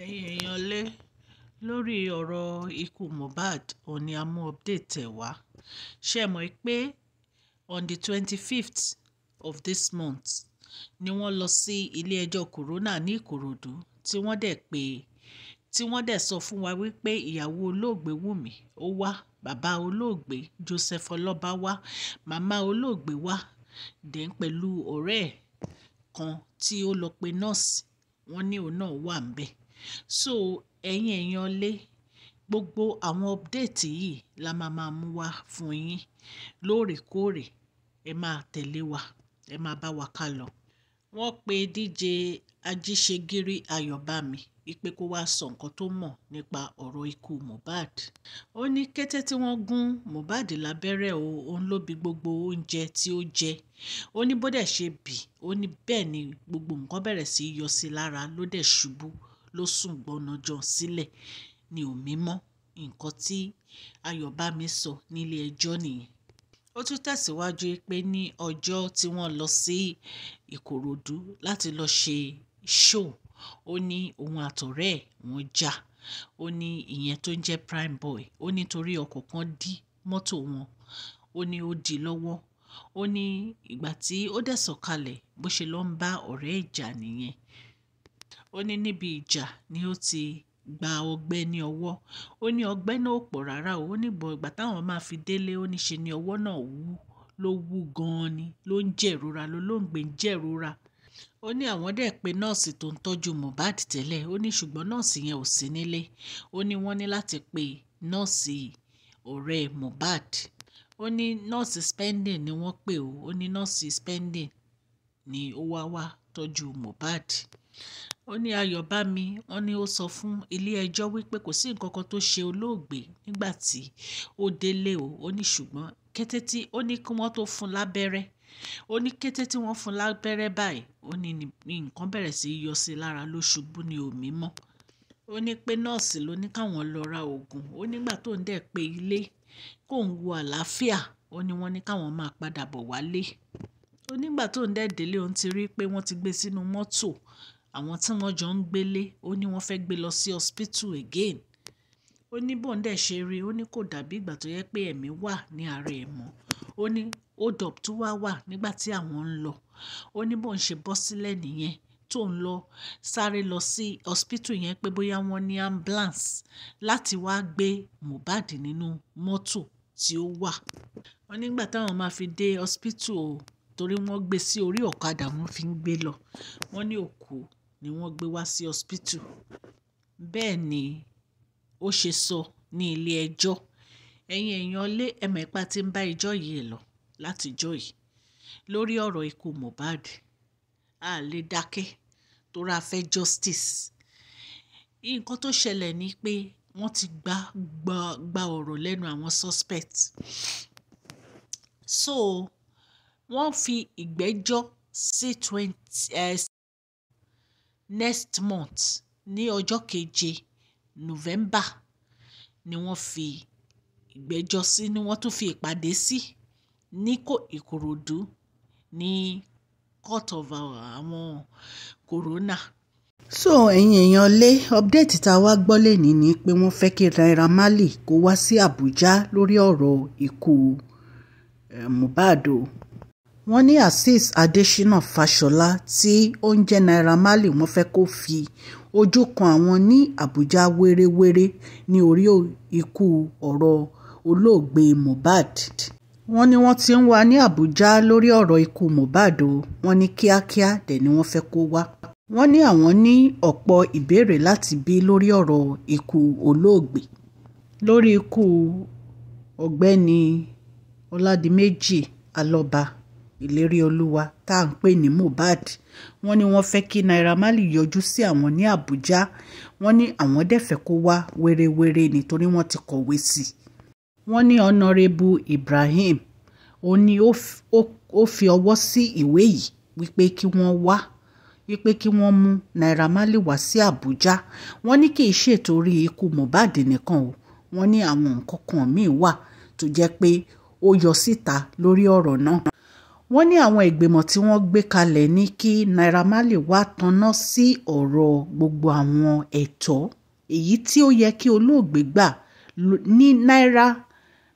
ẹ̀yin èèyàn lé lórí ọ̀rọ̀ ikú Mohbad òní amú update ẹ̀ wá ṣe mọ̀ pé on the twenty fifth of this month ni wọ́n lọ sí ilé ẹjọ́ corona ní Ìkòròdú tí wọ́n dẹ̀ pé tí wọ́n dẹ̀ sọ fún wa wípé ìyàwó olóògbé Wùmí ó wá bàbá olóògbé Joseph Ọlọ́ba wá màmá olóògbé wá dẹ̀ pẹ̀lú ọ̀rẹ́ ẹ̀ kan tí ó lọ pe nọ́ọ̀sì wọ́n ní òun náà wà ń bẹ̀ So ẹ̀yin èèyàn lé gbogbo àwọn update yìí la máa máa mú wá fún yín lóòrèkóòrè ẹ máa tẹ̀lé wa ẹ máa bá wa ká lọ. Wọ́n pe DJ Ajíṣegírí Ayọ̀bámi wípé kó wá sọ nǹkan tó mọ̀ nípa ọ̀rọ̀ ikú Mohbad. Ó ní kété tí wọ́n gún Mohbad lábẹ́rẹ́ o, òun ló bi gbogbo oúnjẹ tí ó jẹ. Ó ní bó dẹ̀ ṣe bì, ó ní bẹ́ẹ̀ ni gbogbo nǹkan bẹ̀rẹ̀ sí yọ sí lára ló dẹ̀ ṣubú ló sùn gbọ́nàjọ sílẹ̀ ni ò mímọ́ nǹkan tí ayọ̀bámi sọ nílé ẹjọ́ nìyẹn ó tún tẹ̀síwájú pé ní ọjọ́ tí wọ́n lọ sí ìkòròdú láti lọ ṣe show ó ní òun àtọ̀rẹ́ ẹ̀ wọ́n jà ó ní ìyẹn tó ń jẹ́ prime boy ó ní torí ọkọ̀ kan dí mọ́tò wọn ó ní ó di lọ́wọ́ ó ní ìgbà tí ó dẹ̀ sọ̀kalẹ̀ bó ṣe lọ ń bá ọ̀rẹ́ ìjà nìyẹn ó ní níbi ìjà ni ó ti gba ọgbẹ́ ní ọwọ́ ó ní ọgbẹ́ náà ò pọ̀ rárá ó ní bọ̀ ìgbà táwọn máa fi délé ó ní ṣe ni ọwọ́ náà wú ló wú gan-an ni ló ń jẹ̀rora ló ló ń gbé ń jẹ̀rora ó ní àwọn dẹ̀ pé nọ́ọ̀sì tó ń tọ́jú Mohbad tẹ́lẹ̀ ó ní ṣùgbọ́n nọ́ọ̀sì yẹn ò sí nílé ó ní wọ́n ní láti pe nọ́ọ̀sì ọ̀rẹ́ Mohbad ó ní nọ́ọ̀sì spending ni wọ́n pè ó ní nọ́ọ̀sì spending ni ó wá wá tọ́jú Mohbad ó ní ayọ̀bámi wọn ni ó sọ fún ilé-ẹjọ́ wípé kò sí nǹkan kan tó ṣe olóògbé nígbà tí ó délé o ó ní ṣùgbọ́n kété tí ó ní kí wọ́n tó fún lábẹ́rẹ́ ó ní kété tí wọ́n fún lábẹ́rẹ́ báyìí ó ní nǹkan bẹ̀rẹ̀ sí í yọ sí i lára ló ni ní omi mọ́ ó ní pé nọ́ọ̀sì ló ní káwọn lọ ra oògùn ó nígbà tó ń dẹ̀ pé ilé kó ń wo àlàáfíà ó ní wọ́n ní káwọn máa padà bọ̀ wálé ó nígbà tó ń dẹ̀ délé òun ti rí i pé wọ́n ti gbé sínú mọ́tò àwọn tí wọ́n jọ ń gbélé ó ní wọ́n fẹ́ gbé lọ sí hospital again ó ní bọ́ńdẹ̀ ṣe rí ó ní kò dàbí ìgbà tó yẹ pé ẹ̀mí wà ní ara ẹ̀ mọ́ ó ní hold up tó wá wà nígbà tí àwọn ń lọ ó ní bọ́ń ṣe bọ́ sílẹ̀ nìyẹn tó ń lọ sáré lọ sí hospital yẹn pé bóyá wọ́n ní ambulance láti wá gbé Mohbad nínú mọ́tò tí ó wà wọ́n nígbà táwọn máa fi dé hospital o torí wọ́n gbé sí orí ọ̀kadà wọ́n fi ń gbé lọ wọ́n ní òkú ni wọ́n gbé wá sí hospital. Bẹ́ẹ̀ ni ó ṣe sọ ní ilé ẹjọ́. Ẹ̀yin èèyàn ilé, ẹ mọ̀ pe a tí ń bá ẹjọ́ yìí lọ láti ìjọ́ yìí lórí ọ̀rọ̀ ikú Mohbad. A lè dákẹ́ torí a fẹ́ justice. Nǹkan tó ṣẹlẹ̀ ni pé wọ́n ti gba, gba, gba ọ̀rọ̀ lẹ́nu àwọn suspect. So wọ́n fi ìgbẹ́jọ́ sí twenty, eh, next month ní ọjọ́ keje November ni wọ́n fi ìgbẹ́jọ́ sí ni wọ́n tún fi ìpàdé sí ní Ìkòròdú ní court of uh, àwọn corona. so ẹ̀yin èèyàn lé update tá a wá gbọ́ lẹ́ni ni pé wọ́n fẹ́ kí Naira Marley kó wá sí Àbújá lórí ọ̀rọ̀ ikú eh, Mohbad o wọ́n ní azeez adésínà fàṣọlá tí ó ń jẹ́ naira marley wọ́n fẹ́ kó fi ojú kan àwọn ní àbújá wéréwéré ní orí ikú ọ̀rọ̀ olóògbé mohbad wọ́n ní wọ́n ti ń wá ní àbújá lórí ọ̀rọ̀ ikú mohbad o wọ́n ní kíákíá dẹ̀ ni wọ́n fẹ́ kó wá wọ́n ní àwọn ní ọ̀pọ̀ ìbéèrè láti bí lórí ọ̀rọ̀ ikú olóògbé lórí ikú ọ̀gbẹ́ni ọládìméjì alọ́ba ìlérí olúwa tá à ń pè ní Mohbad wọ́n ní wọ́n fẹ́ kí Naira Marley yọjú sí àwọn ní Àbújá wọ́n ní àwọn dẹ̀fẹ́ kó wá wérewére nítorí wọ́n ti kọ̀wé sí i wọ́n ní ọ̀nàrẹ́bù Ibrahim ó ní ó fi ọwọ́ sí ìwé yìí wípé kí wọ́n wá wípé kí wọ́n mú Naira Marley wá sí Àbújá wọ́n ní kì í ṣètòrí ikú Mohbad nìkan o wọ́n ní àwọn nǹkan kan míì wà tó jẹ́ pé ó yọ síta lórí ọ̀rọ̀ náà wọ́n ní àwọn ìgbìmọ̀ tí wọ́n gbé kalẹ̀ ní kí naira marley wá tanná sí ọ̀rọ̀ gbogbo àwọn ẹ̀tọ́ èyí tí ó yẹ kí olóògbé gbà ní naira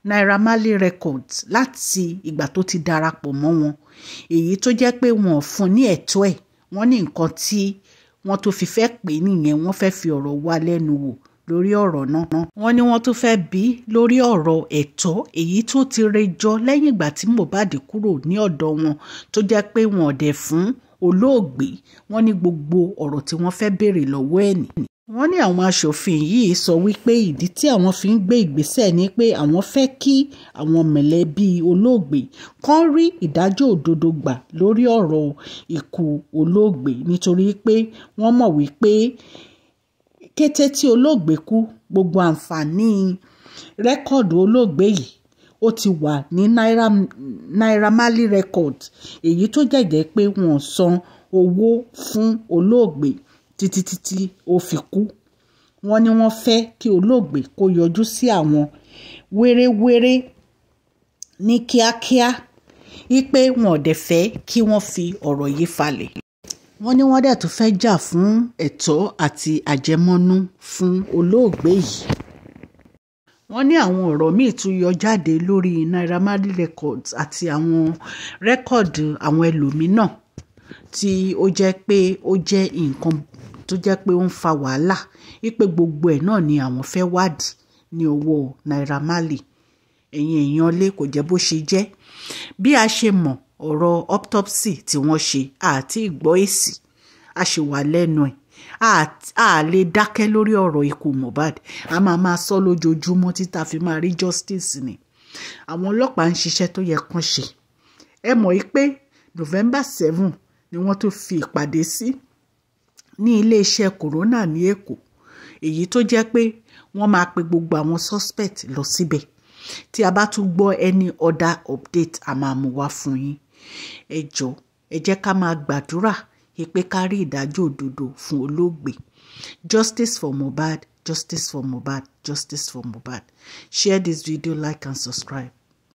naira marley records láti ìgbà tó ti darapọ̀ mọ́ wọn èyí tó jẹ́ pé wọn ò fún ní ẹ̀tọ́ ẹ̀ wọ́n ní nǹkan tí wọ́n tó fi fẹ́ pè é nìyẹn wọ́n fẹ́ fi ọ̀rọ̀ wá lẹ́nu wò lórí ọ̀rọ̀ náà. wọ́n ní wọ́n tún fẹ́ẹ́ bí lórí ọ̀rọ̀ ẹ̀tọ́ èyí tó ti rejọ lẹ́yìn ìgbà tí Mohbad kúrò ní ọ̀dọ̀ wọn tó jẹ́ pé wọn ò dẹ̀ fún olóògbé wọ́n ní gbogbo ọ̀rọ̀ tí wọ́n fẹ́ béèrè lọ́wọ́ ẹ̀ ní. wọ́n ní àwọn aṣòfin yìí sọ wípé ìdí tí àwọn fi ń gbé ìgbésẹ̀ ni pé àwọn fẹ́ kí àwọn mẹ̀lẹ́bí olóògbé kan rí ìdájọ́ òdodo gbà lórí ọ̀rọ̀ ikú olóògbé nítorí pé wọ́n mọ̀ wípé kété tí olóògbé kú gbogbo àǹfààní rẹ́kọ̀dù olóògbé yìí ó ti wà ní naira naira mali record èyí tó jẹ́jẹ́ pé wọ́n san owó fún olóògbé títí títí ó fi kú wọ́n ní wọ́n fẹ́ kí olóògbé kó yọjú sí àwọn wéréwéré ní kíákíá wípé wọn ò dẹ̀ fẹ́ kí wọ́n fi ọ̀rọ̀ yìí falẹ̀ wọ́n ní wọ́n dẹ̀ tún fẹ́ jà fún ẹ̀tọ́ àti àjẹmọ́nú fún olóògbé yìí wọ́n ní àwọn ọ̀rọ̀ míì tún yọ jáde lórí naira marley records àti àwọn rẹ́kọ̀dì àwọn ẹlòmíràn tí ó jẹ́ pé ó jẹ́ nǹkan tó jẹ́ pé ó ń fa wàhálà wípé gbogbo ẹ̀ náà ni àwọn fẹ́ wádìí ní owó naira marley ẹ̀yin èèyàn lé kò jẹ́ bó ṣe jẹ́ bí a ṣe mọ̀ ọ̀rọ̀ autopsy tí wọ́n ṣe àti ìgbọ́ èsì a ṣì wà lẹ́nu ẹ̀ a lè dákẹ́ lórí ọ̀rọ̀ ikú Mohbad a máa máa sọ lójoojúmọ́ títa fi máa rí justice ni àwọn ọlọ́pàá ń ṣiṣẹ́ tó yẹ kán ṣe ẹ mọ̀ yí pé November seven ni wọ́n tó fi ìpàdé sí ní iléeṣẹ́ corona ní Èkó èyí tó jẹ́ pé wọ́n máa pe gbogbo àwọn suspect lọ síbẹ̀ tí a bá tún gbọ́ any other update a máa mú wá fún yín Ejo, jọ̀ọ́ ẹ jẹ́ ká máa gbàdúrà pé ká rí ìdájọ́ òdodo fún olóògbé justice for mohbad justice for mohbad justice for mohbad share this video like and subscribe.